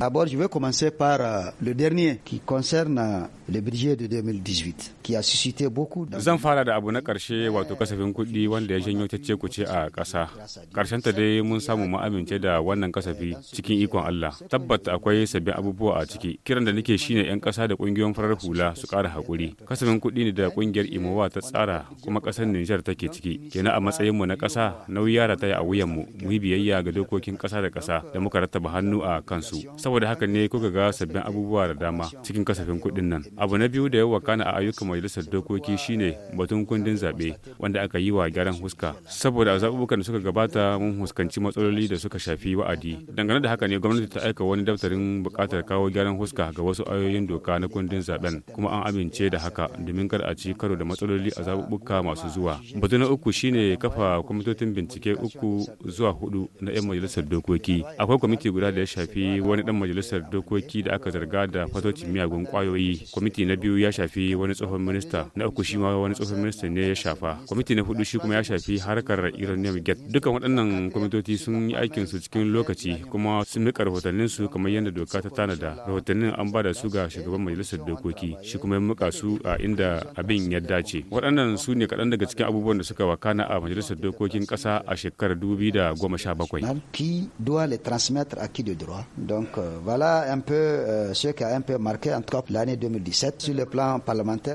D'abord, je vais commencer par euh, le dernier qui concerne euh, le budget de 2018 qui a suscité beaucoup Zan fara da abu na karshe wato kasafin kuɗi wanda ya janyo tacce ce a ƙasa. Karshen ta dai mun samu mu amince da wannan kasafi cikin ikon Allah. Tabbata akwai sabbin abubuwa a ciki. Kiran da nake shine 'yan ƙasa da ƙungiyoyin farar hula su ƙara hakuri. Kasafin kuɗi ne da ƙungiyar Imowa ta tsara kuma ƙasar Nijar take ciki. Kenan a matsayin mu na ƙasa nauyi ya ta a wuyan mu mu yi biyayya ga dokokin ƙasa da ƙasa da muka rattaba hannu a kansu. saboda haka ne kuka ga sabbin abubuwa da dama cikin kasafin kuɗin nan abu na biyu da ya wakana a ayyukan majalisar dokoki shine batun kundin zaɓe wanda aka yi wa gyaran huska saboda a zaɓuɓɓukan da suka gabata mun huskanci matsaloli da suka shafi wa'adi dangane da haka ne gwamnati ta aika wani daftarin buƙatar kawo gyaran huska ga wasu ayoyin doka na kundin zaben kuma an amince da haka domin kada a ci karo da matsaloli a zaɓuɓɓuka masu zuwa batu na uku shine kafa kwamitocin bincike uku zuwa hudu na 'yan majalisar dokoki akwai kwamiti guda da ya shafi wani dan majalisar dokoki da aka zarga da fatoci miyagun kwayoyi kwamiti na biyu ya shafi wani tsohon minista na uku shi ma wani tsohon minista ne ya shafa kwamiti na hudu shi kuma ya shafi harkar iranium gate dukkan waɗannan kwamitoci sun yi aikin su cikin lokaci kuma sun mika rahotannin su kamar yadda doka ta tanada rahotannin an ba da su ga shugaban majalisar dokoki shi kuma ya muka su a inda abin ya dace waɗannan su ne kaɗan daga cikin abubuwan da suka wakana a majalisar dokokin ƙasa a shekarar 2017 qui doit les transmettre à qui de droit. Donc, euh, voilà un peu euh, ce qui a un peu marqué en l'année 2017 sur le plan parlementaire.